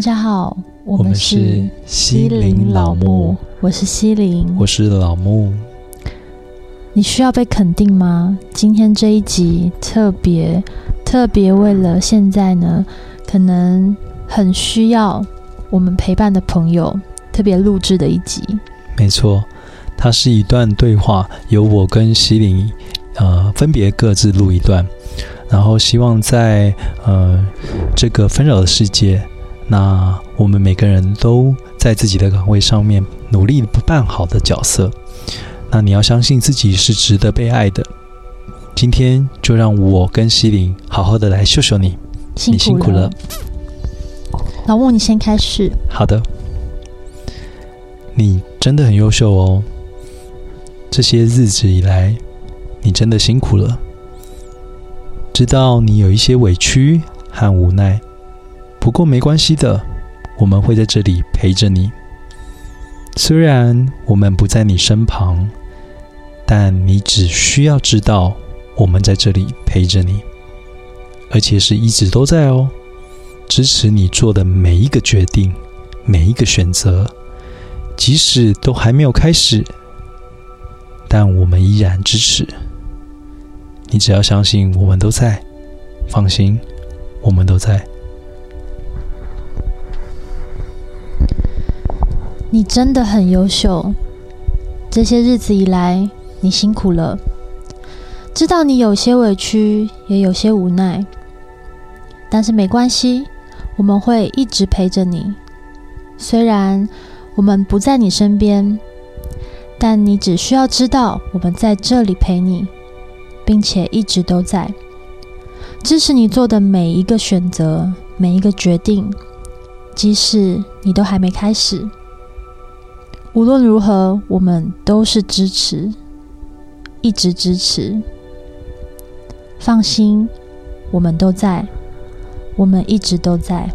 大家好，我們是希伶老沐，我是希伶，我是老沐。你需要被肯定嗎？今天這一集特別特別為了現在呢，可能很需要我們陪伴的朋友，特別錄製的一集。沒錯，它是一段對話，由我跟希伶呃分別各自錄一段，然後希望在呃這個紛擾的世界。那我們每個人都在自己的崗位上面努力扮好的角色。那你要相信自己是值得被愛的。今天就讓我跟希伶好好的來秀秀你，辛你辛苦了。老沐，你先開始。好的，你真的很優秀哦。這些日子以來，你真的辛苦了，知道你有一些委屈和無奈。不過沒關係的，我們會在這裡陪着你。雖然我們不在你身旁，但你只需要知道，我們在這裡陪着你，而且是一直都在哦。支持你做的每一個決定，每一個選擇，即使都還沒有開始，但我們依然支持。你只要相信，我們都在，放心，我們都在。你真的很優秀，這些日子以來你辛苦了，知道你有些委屈，也有些無奈，但是沒關係，我們會一直陪着你。雖然我們不在你身邊，但你只需要知道我們在這裡陪你，並且一直都在，支持你做的每一個選擇，每一個決定，即使你都還沒開始。無論如何，我們都是支持，一直支持。放心，我們都在，我們一直都在。